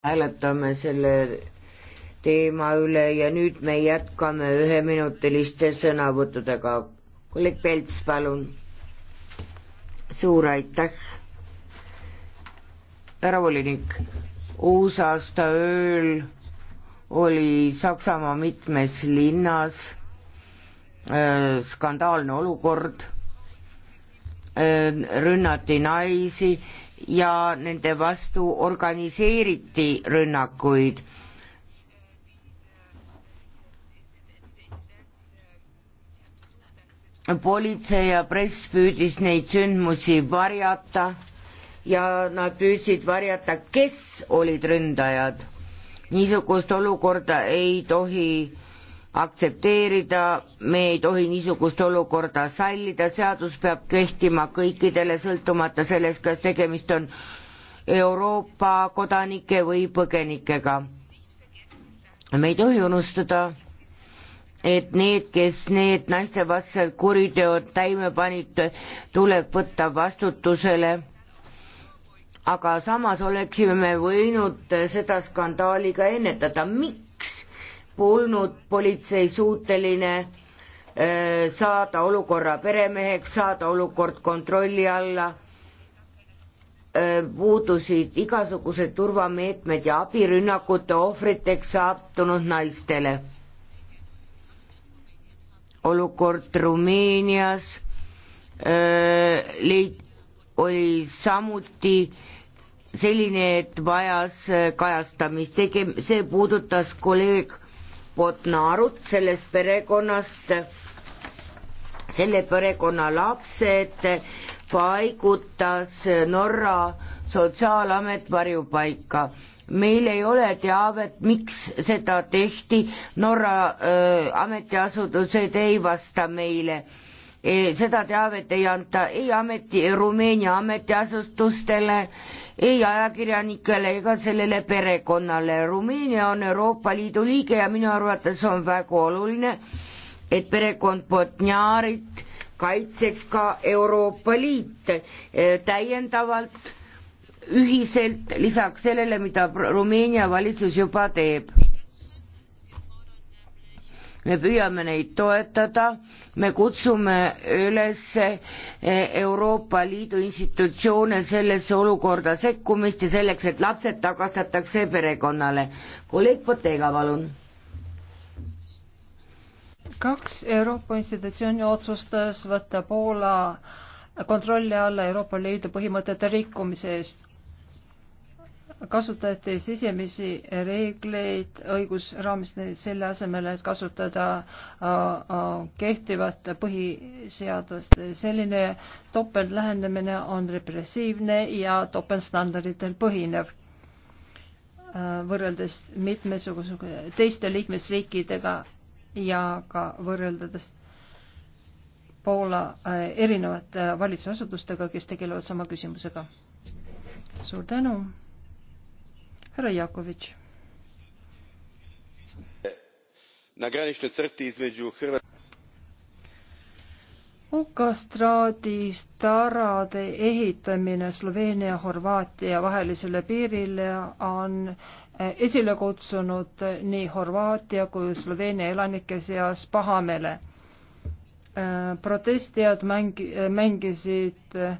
hääletame selle teema üle ja nüüd me jätkame üheminutiliste sõnavõttudega. kolleeg Pelts, palun. suur aitäh. härra volinik, uusaasta ööl oli Saksamaa mitmes linnas äh, skandaalne olukord äh,, rünnati naisi ja nende vastu organiseeriti rünnakuid. politsei ja press püüdis neid sündmusi varjata ja nad püüdsid varjata, kes olid ründajad. niisugust olukorda ei tohi aktsepteerida, me ei tohi niisugust olukorda sallida, seadus peab kehtima kõikidele, sõltumata sellest, kas tegemist on Euroopa kodanike või põgenikega. me ei tohi unustada, et need, kes need naistevastased kuriteod täime panid, tuleb võtta vastutusele aga samas oleksime me võinud seda skandaali ka ennetada, miks polnud politsei suuteline äh, saada olukorra peremeheks, saada olukord kontrolli alla, äh, puudusid igasugused turvameetmed ja abirünnakute ohvriteks sattunud naistele. olukord Rumeenias äh, leid-, oli samuti selline, et vajas kajastamist, tege-, see puudutas kolleeg Botnarut sellest perekonnast, selle perekonna lapsed paigutas Norra sotsiaalamet varjupaika. meil ei ole teavet, miks seda tehti, Norra öö, äh, ametiasutused ei vasta meile E, seda teavet ei anta ei ameti, Rumeenia ametiasutustele, ei ajakirjanikele ega sellele perekonnale. Rumeenia on Euroopa Liidu liige ja minu arvates on väga oluline, et perekond Botnjarit kaitseks ka Euroopa Liit e, täiendavalt ühiselt lisaks sellele, mida Rumeenia valitsus juba teeb me püüame neid toetada, me kutsume üles eh, Euroopa Liidu institutsioone sellesse olukorda sekkumist ja selleks, et lapsed tagastatakse perekonnale. kolleeg Potega, palun kaks Euroopa institutsiooni otsustas võtta Poola kontrolli alla Euroopa Liidu põhimõtete rikkumise eest kasutati sisemisi reegleid õigusraamistel selle asemel, et kasutada äh, äh, kehtivat põhiseadust. selline topeltlähendamine on repressiivne ja topeltstandarditel põhinev äh, võrreldes mitmesuguse teiste liikmesriikidega ja ka võrreldes Poola erinevate valitsusasutustega, kes tegelevad sama küsimusega. suur tänu! härra Jakovitš. na graničnoj crti između Hrvatske okastraadi starade ehitamine Sloveenia ja Horvaatia vahelisele piirile on eh, esile kutsunud nii Horvaatia kui Sloveenia elanike seas pahamele. Eh, protestijad mängi-, mängisid eh,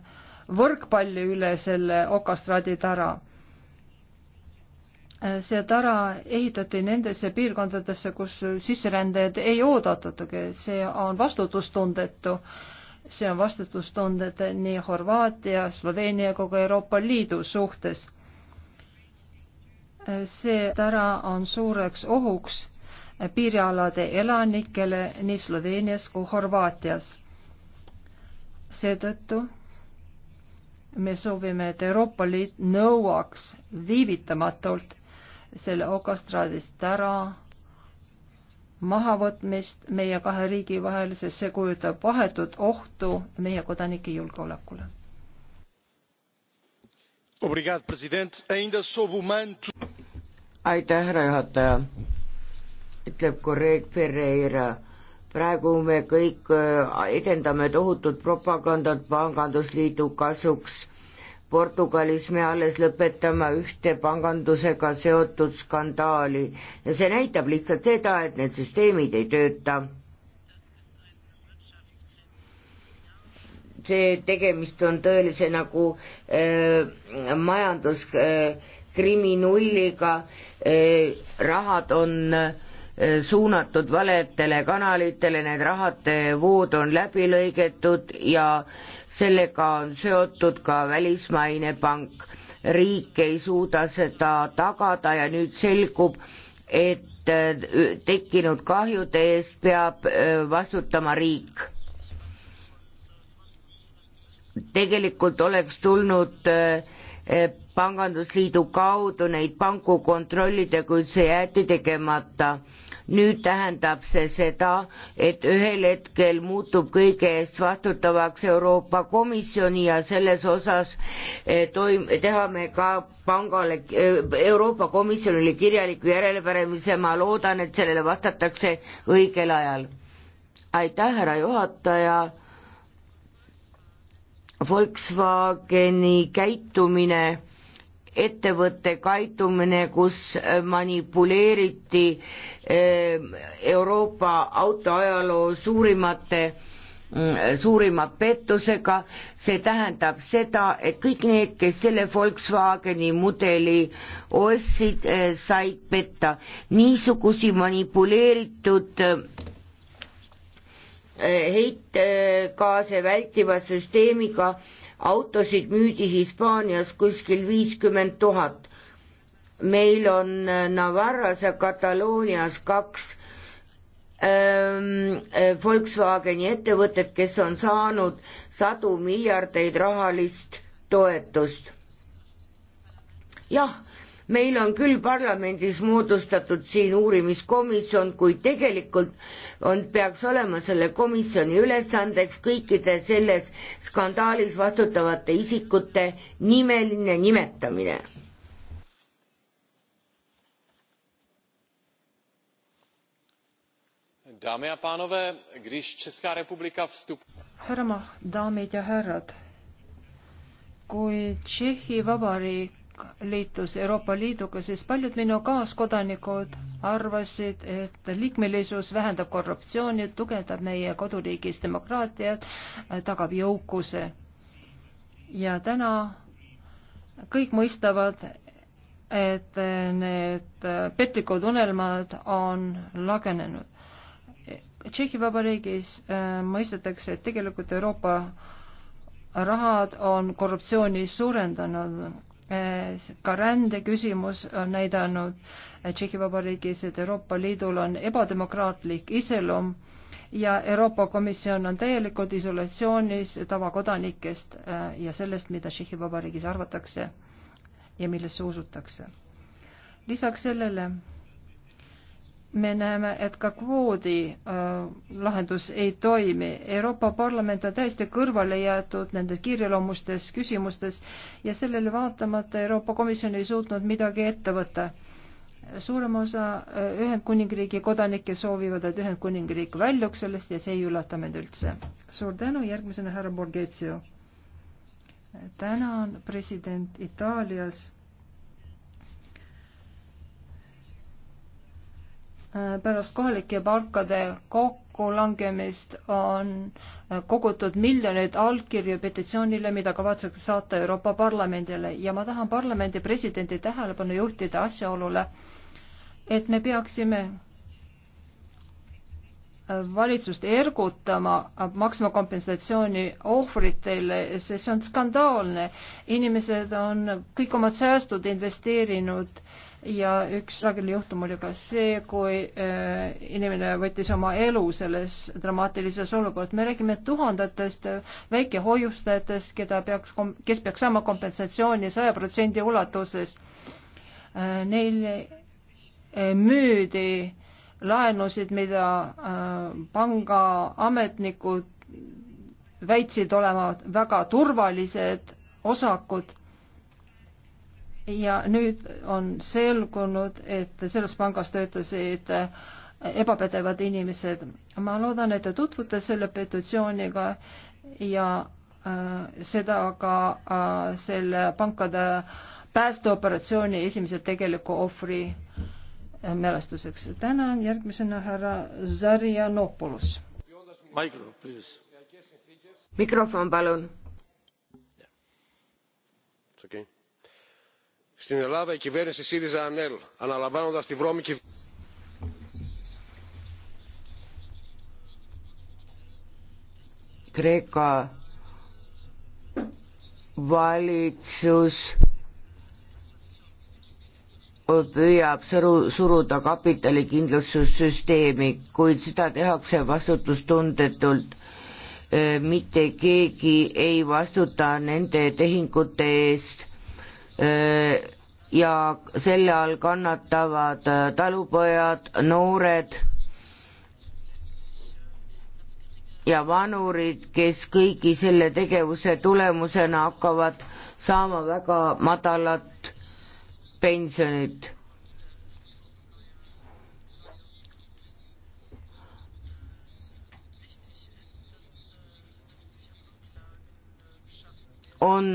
võrkpalli üle selle okastraadi tara see tara ehitati nendesse piirkondadesse, kus sisserändajaid ei oodatudki, see on vastutustundetu. see on vastutustundetu nii Horvaatia, Sloveenia kui ka Euroopa Liidu suhtes. see tara on suureks ohuks piirialade elanikele nii Sloveenias kui Horvaatias. seetõttu me soovime, et Euroopa Liit nõuaks viivitamatult selle okastraadist ära mahavõtmist meie kahe riigi vahel, sest see kujutab vahetut ohtu meie kodanike julgeolekule. aitäh, härra juhataja, ütleb kolleeg Ferreira. praegu me kõik äh, edendame tohutut propagandat pangandusliidu kasuks Portugalis me alles lõpetame ühte pangandusega seotud skandaali ja see näitab lihtsalt seda, et need süsteemid ei tööta. see tegemist on tõelise nagu äh, majanduskriminulliga äh, äh, rahad on äh, suunatud valetele kanalitele, need rahade vood on läbi lõigetud ja sellega on seotud ka välismaine pank. riik ei suuda seda tagada ja nüüd selgub, et äh, tekkinud kahjude eest peab äh, vastutama riik. tegelikult oleks tulnud äh, pangandusliidu kaudu neid panku kontrollida, kuid see jäeti tegemata nüüd tähendab see seda, et ühel hetkel muutub kõige eest vastutavaks Euroopa Komisjoni ja selles osas eh, toim-, teha me ka pangale, eh, Euroopa Komisjonile kirjaliku järelepärimise, ma loodan, et sellele vastatakse õigel ajal. aitäh, härra juhataja Volkswageni käitumine ettevõtte käitumine, kus äh, manipuleeriti ähm, Euroopa autoajaloo suurimate mm, suurima pettusega, see tähendab seda, et kõik need, kes selle Volkswageni mudeli ostsid, äh, said petta. niisugusi manipuleeritud äh, heitgaase vältiva süsteemiga äh, autosid müüdi Hispaanias kuskil viiskümmend tuhat. meil on äh, Navarras ja Kataloonias kaks ähm, äh, Volkswageni ettevõtet, kes on saanud sadu miljardeid rahalist toetust. jah meil on küll parlamendis moodustatud siin uurimiskomisjon, kuid tegelikult on, peaks olema selle komisjoni ülesandeks kõikide selles skandaalis vastutavate isikute nimeline nimetamine dámy a pánové když česká republika vstupuje kui Tšehhi Vabariik Türk liitus Euroopa Liiduga, siis paljud minu kaaskodanikud arvasid, et liikmelisus vähendab korruptsiooni, tugevdab meie koduriigis demokraatiat, tagab jõukuse. ja täna kõik mõistavad, et need petlikud unelmad on lagenenud. Tšehhi Vabariigis äh, mõistetakse, et tegelikult Euroopa rahad on korruptsiooni suurendanud Äh, ka rändeküsimus on näidanud Tšehhi Vabariigis, et Euroopa Liidul on ebademokraatlik iseloom ja Euroopa Komisjon on täielikult isolatsioonis tavakodanikest äh, ja sellest, mida Tšehhi Vabariigis arvatakse ja millesse usutakse. lisaks sellele me näeme, et ka kvoodi äh, lahendus ei toimi. Euroopa Parlament on täiesti kõrvale jäetud nende kiireloomustes küsimustes ja sellele vaatamata Euroopa Komisjon ei suutnud midagi ette võtta. suurem osa äh, Ühendkuningriigi kodanikke soovivad, et Ühendkuningriik väljuks sellest ja see ei üllata meid üldse. suur tänu, järgmisena härra Borghezio. tänan, president Itaalias Äh, pärast kohalike palkade kokkulangemist on äh, kogutud miljoneid allkirju petitsioonile, mida kavatsetakse saata Euroopa Parlamendile ja ma tahan parlamendi presidendi tähelepanu juhtida asjaolule, et me peaksime äh, valitsust ergutama, maksma kompensatsiooni ohvritele, sest see on skandaalne. inimesed on kõik omad säästud investeerinud äh, ja üks traagiline juhtum oli ka see, kui äh, inimene võttis oma elu selles dramaatilises olukorras. me räägime tuhandetest äh, väikehoiustajatest, keda peaks, kes peaks saama kompensatsiooni saja protsendi ulatuses. Äh, Neile müüdi laenusid, mida pangaametnikud väitsid olema väga turvalised osakud ja nüüd on selgunud, et selles pangas töötasid ebapädevad inimesed. ma loodan, et te tutvute selle petitsiooniga ja äh, seda ka äh, selle pankade päästeoperatsiooni esimese tegeliku ohvri äh, mälestuseks. tänan, järgmisena härra Zarjanopoulos. mikrofon palun Στην Ελλάδα η κυβέρνηση ΣΥΡΙΖΑ ΑΝΕΛ αναλαμβάνοντας τη βρώμικη... Kreeka valitsus püüab suruda kapitalikindlustussüsteemi, kuid seda tehakse vastutustundetult. mitte keegi ei vastuta nende tehingute eest, ja selle all kannatavad äh, talupojad, noored ja vanurid, kes kõigi selle tegevuse tulemusena hakkavad saama väga madalat pensionit. on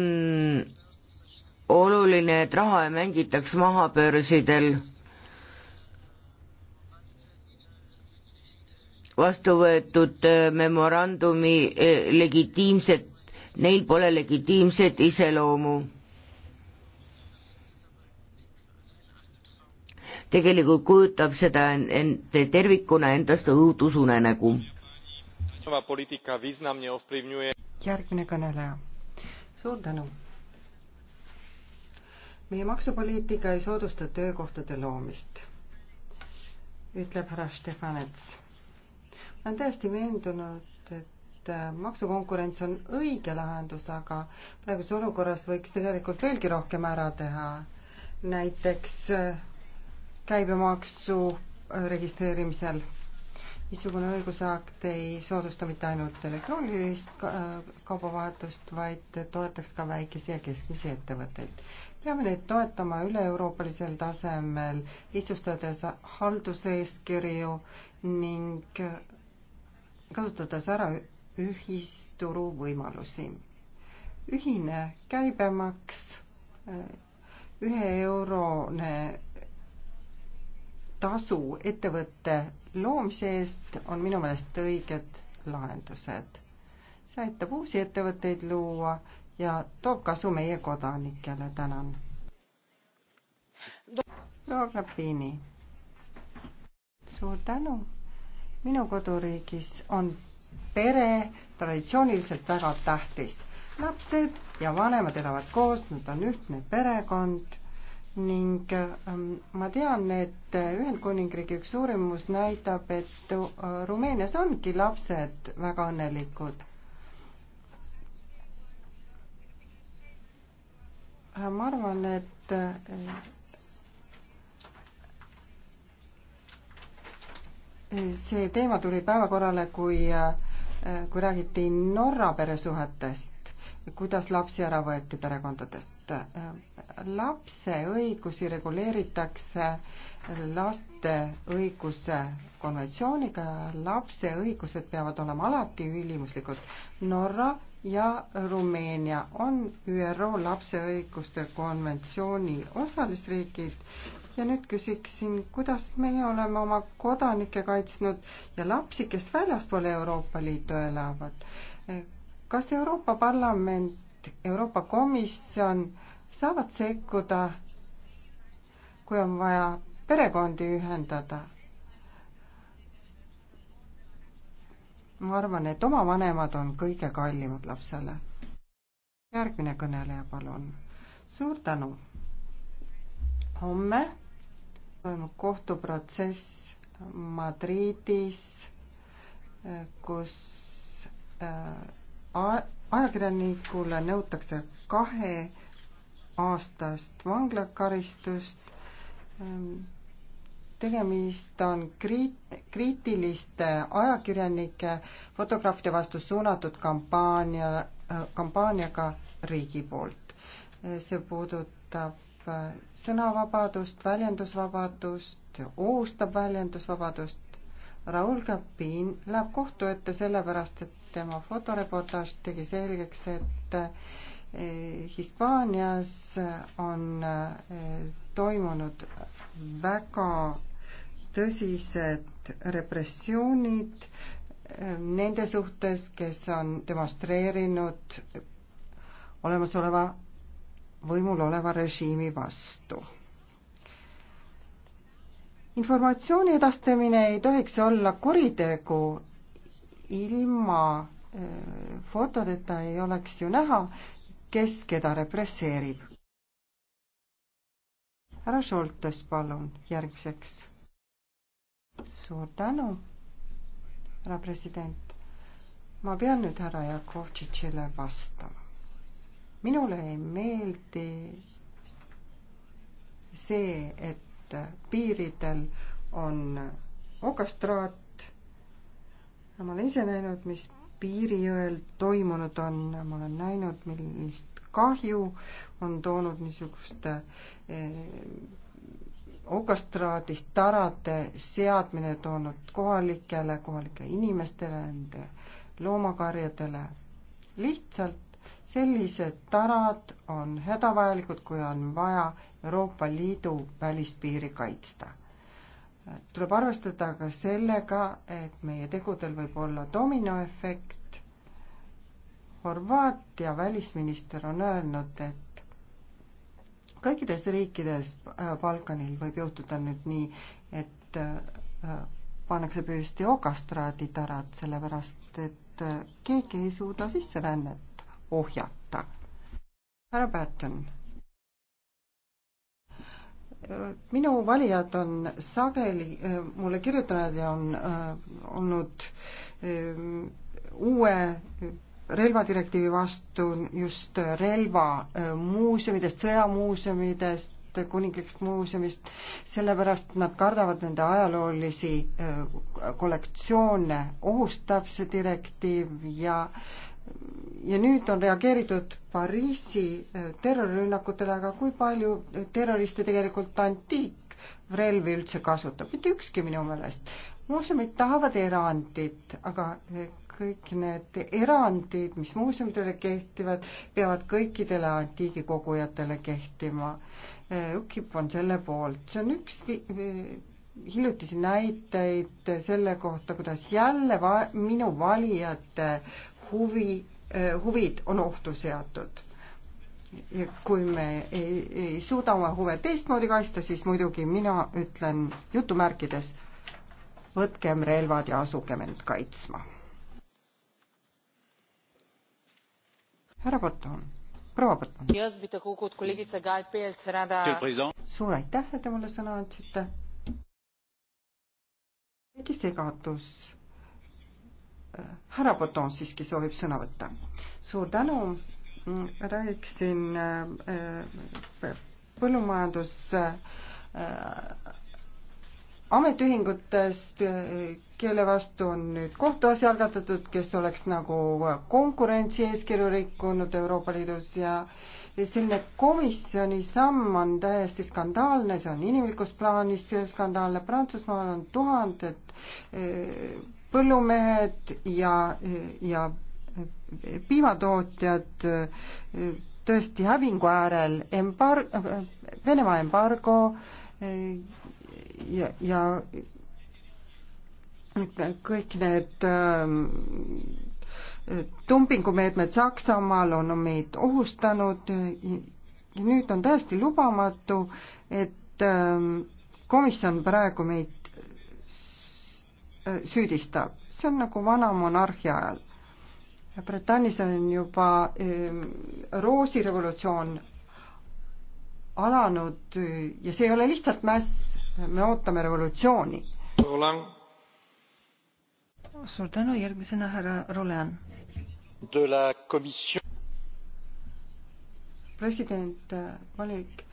oluline, et raha ei mängitaks maha börsidel. vastu võetud äh, memorandumi äh, legitiimset, neil pole legitiimset iseloomu. tegelikult kujutab seda end tervikuna endast õudusunenägu. järgmine kõneleja, suur tänu meie maksupoliitika ei soodusta töökohtade loomist, ütleb härra Stefanets. ma olen täiesti veendunud, et äh, maksukonkurents on õige lahendus, aga praeguses olukorras võiks tegelikult veelgi rohkem ära teha. näiteks äh, käibemaksu äh, registreerimisel niisugune õigusakt ei soodusta mitte ainult elektroonilist äh, kaubavahetust, vaid toetaks ka väikesi ja keskmisi ettevõtteid. peame neid toetama üle-euroopalisel tasemel, lihtsustades halduseeskirju ning äh, kasutades ära ühisturu võimalusi. ühine käibemaks, äh, ühe eurone tasu ettevõtte loomise eest on minu meelest õiged lahendused. see aitab uusi ettevõtteid luua ja toob kasu meie kodanikele, tänan. proua Grapini, suur tänu. minu koduriigis on pere traditsiooniliselt väga tähtis. lapsed ja vanemad elavad koos, nad on ühtne perekond ning ähm, ma tean, et Ühendkuningriigi üks uurimus näitab, et äh, Rumeenias ongi lapsed väga õnnelikud. Äh, ma arvan, et äh, see teema tuli päevakorrale, kui, kui räägiti Norra peresuhetest kuidas lapsi ära võeti perekondadest. lapse õigusi reguleeritakse laste õiguse konventsiooniga ja lapse õigused peavad olema alati ülimuslikud. Norra ja Rumeenia on ÜRO lapse õiguste konventsiooni osalisriigid ja nüüd küsiksin, kuidas meie oleme oma kodanikke kaitsnud ja lapsi, kes väljaspool Euroopa Liitu elavad kas Euroopa Parlament, Euroopa Komisjon saavad sekkuda, kui on vaja perekondi ühendada? ma arvan, et oma vanemad on kõige kallimad lapsele. järgmine kõneleja, palun. suur tänu. homme toimub kohtuprotsess Madridis, kus äh, ajakirjanikule nõutakse kahe aastast vanglakaristust. Ehm, tegemist on kriit-, kriitiliste ajakirjanike fotograafide vastu suunatud kampaania, kampaaniaga riigi poolt. Ehm, see puudutab ehm, sõnavabadust, väljendusvabadust, ohustab väljendusvabadust. Raul Kapin läheb kohtu ette sellepärast, et tema fotoreportaaž tegi selgeks, et eh, Hispaanias on eh, toimunud väga tõsised repressioonid eh, nende suhtes, kes on demonstreerinud olemasoleva, võimul oleva režiimi vastu informatsiooni edastamine ei tohiks olla kuritegu ilma äh, fotodeta ei oleks ju näha, kes keda represseerib. härra Šoltes, palun järgmiseks. suur tänu, härra president. ma pean nüüd härra Jakovtšitšile vastama. minule ei meeldi see, et piiridel on okastraat ma olen ise näinud, mis Piirijõel toimunud on, ma olen näinud, millist kahju on toonud niisuguste eh, okastraadist tarade seadmine toonud kohalikele, kohalikele inimestele, nende loomakarjadele. lihtsalt sellised tarad on hädavajalikud, kui on vaja Euroopa Liidu välispiiri kaitsta tuleb arvestada ka sellega, et meie tegudel võib olla dominoefekt. Horvaatia välisminister on öelnud, et kõikides riikides äh, Balkanil võib juhtuda nüüd nii, et äh, pannakse püsti okastraaditarad, sellepärast et äh, keegi ei suuda sisserännet ohjata. härra Patten minu valijad on sageli eh, mulle kirjutanud ja on eh, olnud eh, uue relvadirektiivi vastu just relvamuuseumidest, sõjamuuseumidest, kuninglikust muuseumist, sellepärast nad kardavad nende ajaloolisi kollektsioone, ohustab see direktiiv ja ja nüüd on reageeritud Pariisi äh, terrorirünnakutele, aga kui palju terroriste tegelikult antiikrelvi üldse kasutab, mitte ükski minu meelest. muuseumid tahavad erandit, aga äh, kõik need erandid, mis muuseumidele kehtivad, peavad kõikidele antiigikogujatele kehtima. Äh, UKIP on selle poolt, see on üks hiljutisi näiteid selle kohta, kuidas jälle va minu valijate huvi, eh, huvid on ohtu seatud. kui me ei, ei suuda oma huve teistmoodi kaitsta, siis muidugi mina ütlen jutumärkides, võtkem relvad ja asugem end kaitsma. härra Botton, proua Botton. suur aitäh, et te mulle sõna andsite. väike segadus Äh, härra Poton siiski soovib sõna võtta. suur tänu, mm, räägiksin äh, äh, põllumajandus ametiühingutest, kelle vastu on nüüd kohtuasi algatatud, kes oleks nagu konkurentsieeskirju rikkunud Euroopa Liidus ja selline komisjoni samm on täiesti skandaalne, see on inimlikus plaanis skandaalne, Prantsusmaal on tuhanded põllumehed ja, ja piimatootjad tõesti hävingu äärel, embar-, Venemaa embargo ja, ja kõik need ähm, dumpingumeetmed Saksamaal on meid ohustanud ja nüüd on täiesti lubamatu, et ähm, komisjon praegu meid Äh, süüdistab. see on nagu vana monarhia ajal. Britannias on juba ähm, roosirevolutsioon alanud äh, ja see ei ole lihtsalt mäss, me ootame revolutsiooni. suur tänu, järgmisena härra Rolean. president äh, valik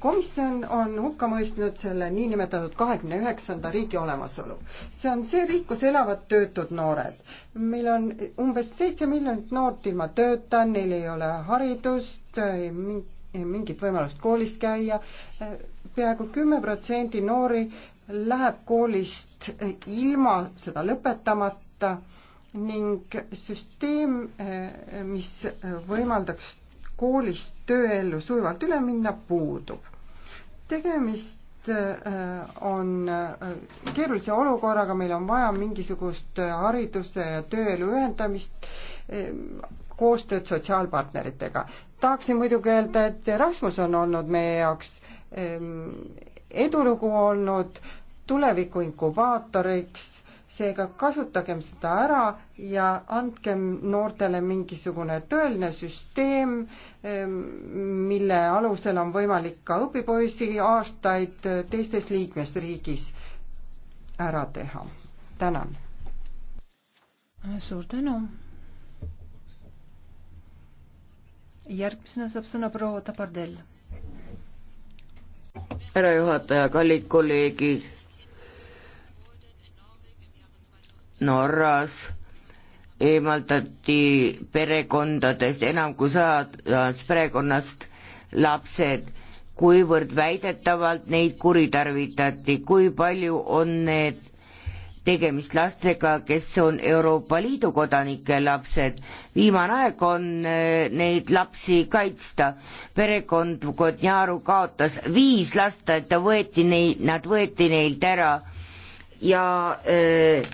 komisjon on hukka mõistnud selle niinimetatud kahekümne üheksanda riigi olemasolu. see on see riik, kus elavad töötud noored. meil on umbes seitse miljonit noort ilma tööta, neil ei ole haridust, mingit võimalust koolis käia. peaaegu kümme protsenti noori läheb koolist ilma seda lõpetamata ning süsteem, mis võimaldaks koolist tööellu sujuvalt üle minna puudub. tegemist äh, on äh, keerulise olukorraga, meil on vaja mingisugust äh, hariduse ja tööelu ühendamist, koostööd sotsiaalpartneritega. tahaksin muidugi öelda, et Erasmus on olnud meie jaoks ähm, edulugu olnud, tuleviku inkubaatoriks seega kasutagem seda ära ja andkem noortele mingisugune tõeline süsteem, ehm, mille alusel on võimalik ka õpipoisi aastaid teistes liikmesriigis ära teha. tänan. suur tänu. järgmisena saab sõna proua Tabardell. härra juhataja, kallid kolleegid Norras eemaldati perekondadest enam kui sajast perekonnast lapsed, kuivõrd väidetavalt neid kuritarvitati, kui palju on need tegemist lastega, kes on Euroopa Liidu kodanike lapsed. viimane aeg on eh, neid lapsi kaitsta. perekond Kodnjaru kaotas viis last, et ta võeti neid, nad võeti neilt ära ja öö, eh,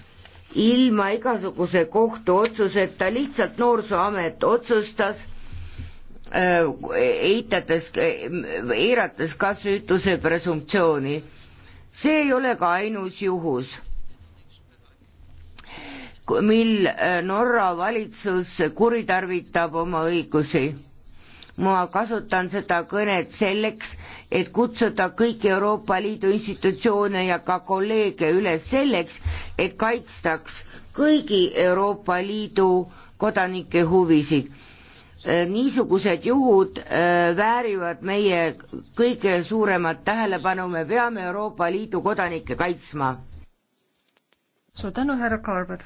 ilma igasuguse kohtuotsuseta, lihtsalt Noorsooamet otsustas äh, eitades, eirates ka süütuse presumptsiooni. see ei ole ka ainus juhus, mil äh, Norra valitsus kuritarvitab oma õigusi ma kasutan seda kõnet selleks, et kutsuda kõiki Euroopa Liidu institutsioone ja ka kolleege üles selleks, et kaitstaks kõigi Euroopa Liidu kodanike huvisid. Äh, niisugused juhud äh, väärivad meie kõige suuremat tähelepanu, me peame Euroopa Liidu kodanikke kaitsma. suur tänu, härra Kaarber.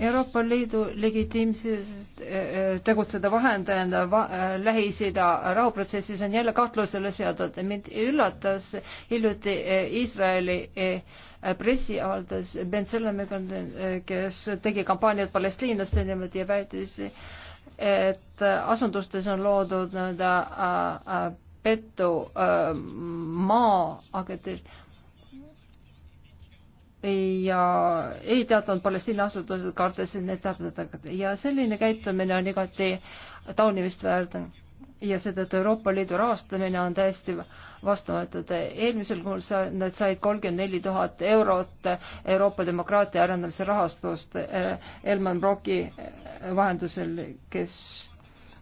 Euroopa Liidu legitiimsus tegutseda vahendajana va Lähis-Ida rahuprotsessis on jälle kahtlusele seatud. mind üllatas hiljuti eh, Iisraeli eh, pressiavaldus Ben Salemiga, eh, kes tegi kampaaniat palestiinlaste niimoodi ja väitis, et asundustes on loodud nii-öelda äh, äh, pettu äh, maa, aga ja ei teatanud Palestiina asutused kardesid need täpsustada ja selline käitumine on igati taunimist väärt ja seetõttu Euroopa Liidu rahastamine on täiesti vastu võetud. eelmisel kuul sa, nad said kolmkümmend neli tuhat eurot Euroopa demokraatia arendamise rahastust eh, Elman Broki eh, vahendusel, kes,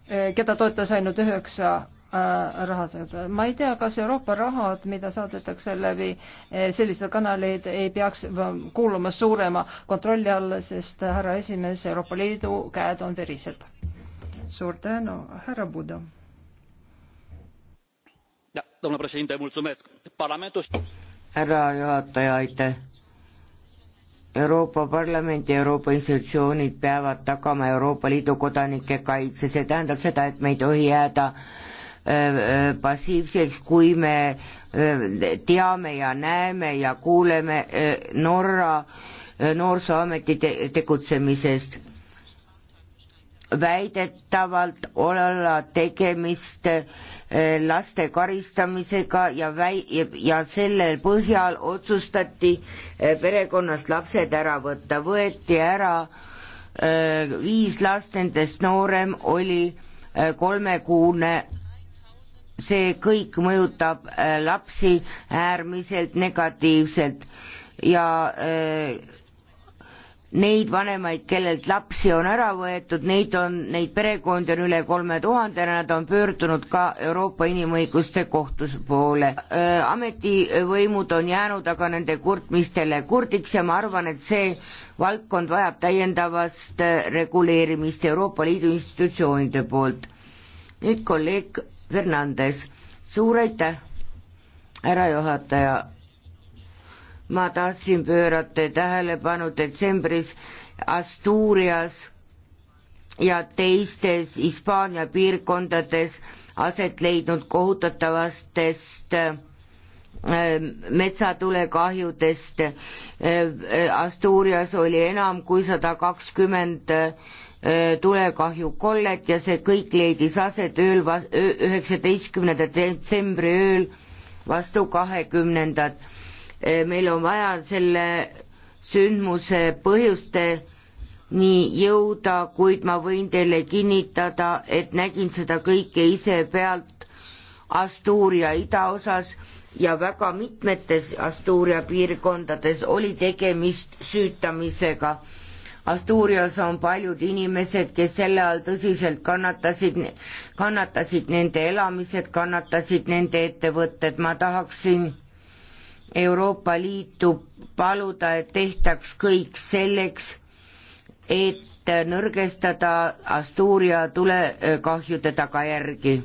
eh, keda toetas ainult üheksa Äh, rahastada. ma ei tea, kas Euroopa rahad, mida saadetakse läbi eh, sellised kanaleid, ei peaks kuuluma suurema kontrolli alla, sest härra esimees, Euroopa Liidu käed on verised. suur tänu, härra Buda. härra juhataja, aitäh. Euroopa Parlament ja Euroopa institutsioonid peavad tagama Euroopa Liidu kodanike kaitse, see tähendab seda, et me ei tohi jääda äh, Äh, äh, passiivseks, kui me äh, teame ja näeme ja kuuleme Norra noorsooameti te tegutsemisest. väidetavalt olla tegemist laste karistamisega ja väi- ja, ja selle põhjal otsustati perekonnast lapsed ära võtta, võeti ära viis last, nendest noorem oli kolmekuune see kõik mõjutab äh, lapsi äärmiselt negatiivselt ja äh, neid vanemaid, kellelt lapsi on ära võetud, neid on, neid perekondi on üle kolme tuhande ja nad on pöördunud ka Euroopa Inimõiguste Kohtus poole. Äh, ametivõimud on jäänud aga nende kurtmistele kurdiks ja ma arvan, et see valdkond vajab täiendavast reguleerimist Euroopa Liidu institutsioonide poolt. nüüd kolleeg Fernandes. suur aitäh, härra juhataja. ma tahtsin pöörata tähelepanu detsembris Asturias ja teistes Hispaania piirkondades aset leidnud kohutatavatest ähm, metsatulekahjudest. Äh, Asturias oli enam kui sada kakskümmend äh, Äh, tulekahjukollet ja see kõik leidis aset ööl, üheksateistkümnenda detsembri ööl vastu kahekümnendat. Äh, meil on vaja selle sündmuse põhjusteni jõuda, kuid ma võin teile kinnitada, et nägin seda kõike ise pealt Asturia idaosas ja väga mitmetes Asturia piirkondades oli tegemist süütamisega Asturias on paljud inimesed, kes selle all tõsiselt kannatasid, kannatasid nende elamised, kannatasid nende ettevõtted, ma tahaksin Euroopa Liitu paluda, et tehtaks kõik selleks, et nõrgestada Asturia tulekahjude tagajärgi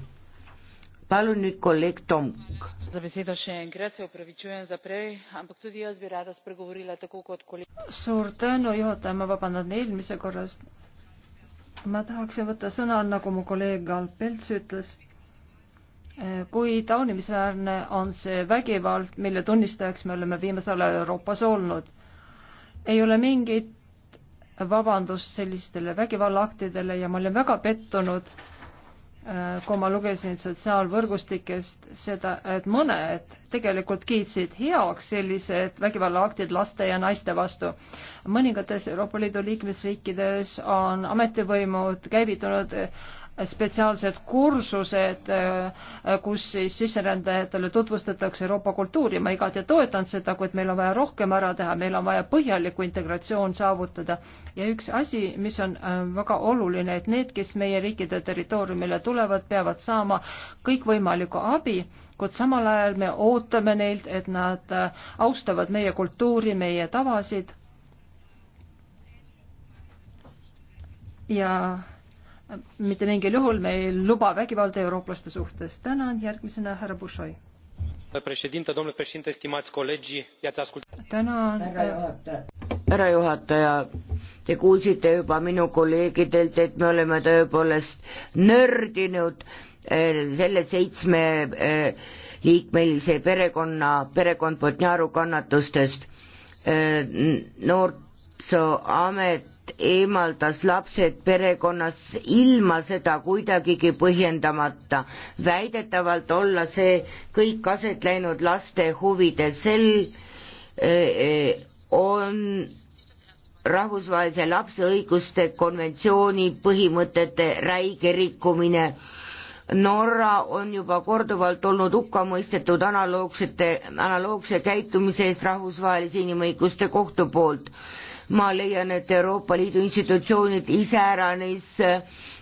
Palun nüüd kolleeg Tomk. Za besedo še enkrat se upravičujem za prej, ampak tudi jaz bi rada spregovorila tako kot kolega. Suur tänu juhataja, ma vabandan eelmise korrast. Ma tahaksin võtta sõna, nagu mu kolleeg Alpelts ütles. Eh, kui taunimisväärne on see vägivald, mille tunnistajaks me oleme viimasel ajal Euroopas olnud. Ei ole mingit vabandust sellistele vägivallaaktidele ja ma olen väga pettunud, Äh, kui ma lugesin sotsiaalvõrgustikest seda, et mõned tegelikult kiitsid heaks sellised vägivallaaktid laste ja naiste vastu. mõningates Euroopa Liidu liikmesriikides on ametivõimud käivitunud spetsiaalsed kursused, äh, kus siis sisserändajatele tutvustatakse Euroopa kultuuri, ma igati toetan seda, kuid meil on vaja rohkem ära teha, meil on vaja põhjalikku integratsioon saavutada. ja üks asi, mis on äh, väga oluline, et need, kes meie riikide territooriumile tulevad, peavad saama kõikvõimalikku abi, kuid samal ajal me ootame neilt, et nad äh, austavad meie kultuuri, meie tavasid ja mitte mingil juhul me ei luba vägivalda eurooplaste suhtes. tänan, järgmisena härra Bushoi. tänan. härra juhataja, te kuulsite juba minu kolleegidelt, et me oleme tõepoolest nördinud eh, selle seitsme eh, liikmelise perekonna, perekond Botnjaru kannatustest. Eh, noorsooamet et eemaldas lapsed perekonnas ilma seda kuidagigi põhjendamata. väidetavalt olla see kõik aset läinud laste huvides, sel eh, eh, on rahvusvahelise lapse õiguste konventsiooni põhimõtete räige rikkumine. Norra on juba korduvalt olnud hukka mõistetud analoogsete, analoogse käitumise eest rahvusvahelise inimõiguste kohtu poolt ma leian, et Euroopa Liidu institutsioonid iseäranis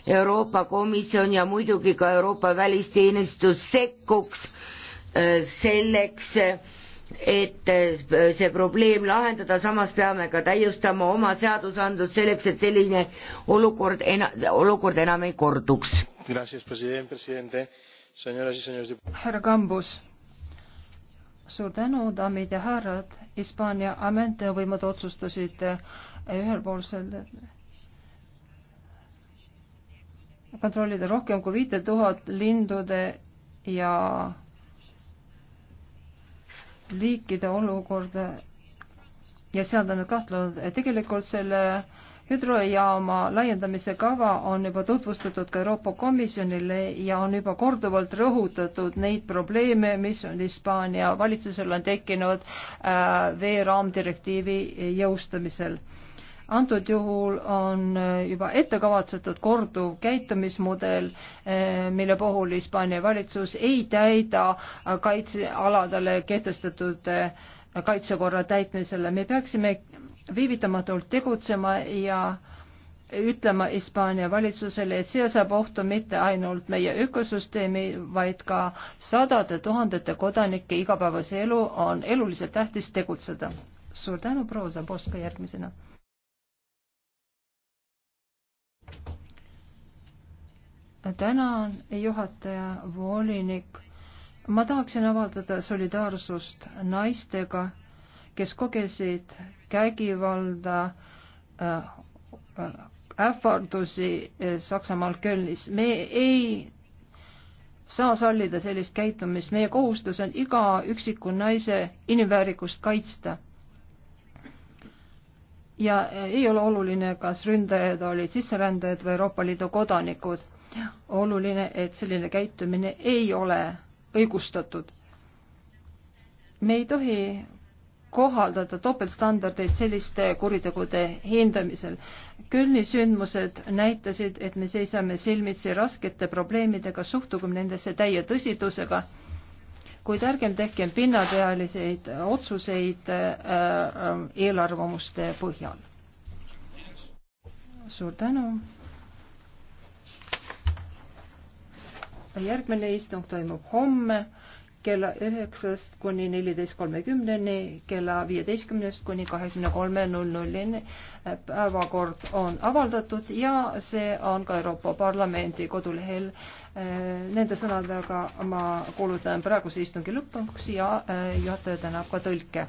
Euroopa Komisjon ja muidugi ka Euroopa välisteenistus sekkuks äh, selleks, et äh, see probleem lahendada, samas peame ka täiustama oma seadusandlust selleks, et selline olukord ena-, olukord enam ei korduks. härra Kambus suur tänu, daamid ja härrad. Hispaania ametivõimud otsustasid eh, ühepoolselt kontrollida rohkem kui viite tuhat lindude ja liikide olukorda ja seal on kahtlus, tegelikult selle hüdrojaama laiendamise kava on juba tutvustatud ka Euroopa Komisjonile ja on juba korduvalt rõhutatud neid probleeme, mis on Hispaania valitsusel on tekkinud äh, veeraamdirektiivi jõustamisel antud juhul on äh, juba ette kavatsetud korduv käitumismudel, äh, mille puhul Hispaania valitsus ei täida kaitsealadele kehtestatud kaitsekorra täitmisele. me peaksime viivitamatult tegutsema ja ütlema Hispaania valitsusele, et see saab ohtu mitte ainult meie ökosüsteemi, vaid ka sadade tuhandete kodanike igapäevase elu on eluliselt tähtis tegutseda. suur tänu, proua Zaborska, järgmisena. tänan, juhataja, volinik. ma tahaksin avaldada solidaarsust naistega kes kogesid kägivalda äh, ähvardusi äh, Saksamaal Kölnis. me ei saa sallida sellist käitumist, meie kohustus on iga üksiku naise inimväärikust kaitsta. ja äh, ei ole oluline, kas ründajad olid sisserändajad või Euroopa Liidu kodanikud. oluline, et selline käitumine ei ole õigustatud. me ei tohi kohaldada topeltstandardeid selliste kuritegude hindamisel. Kölni sündmused näitasid, et me seisame silmitsi raskete probleemidega, suhtugem nendesse täie tõsidusega, kuid ärgem tehkem pinnapealiseid otsuseid äh, äh, eelarvamuste põhjal. suur tänu. järgmine istung toimub homme kella üheksast kuni neliteist kolmekümneni, kella viieteistkümnest kuni kahekümne kolme null nullini. päevakord on avaldatud ja see on ka Euroopa Parlamendi kodulehel. Eh, nende sõnadega ma kuulutan praeguse istungi lõpuks ja eh, juhataja tänab ka tõlke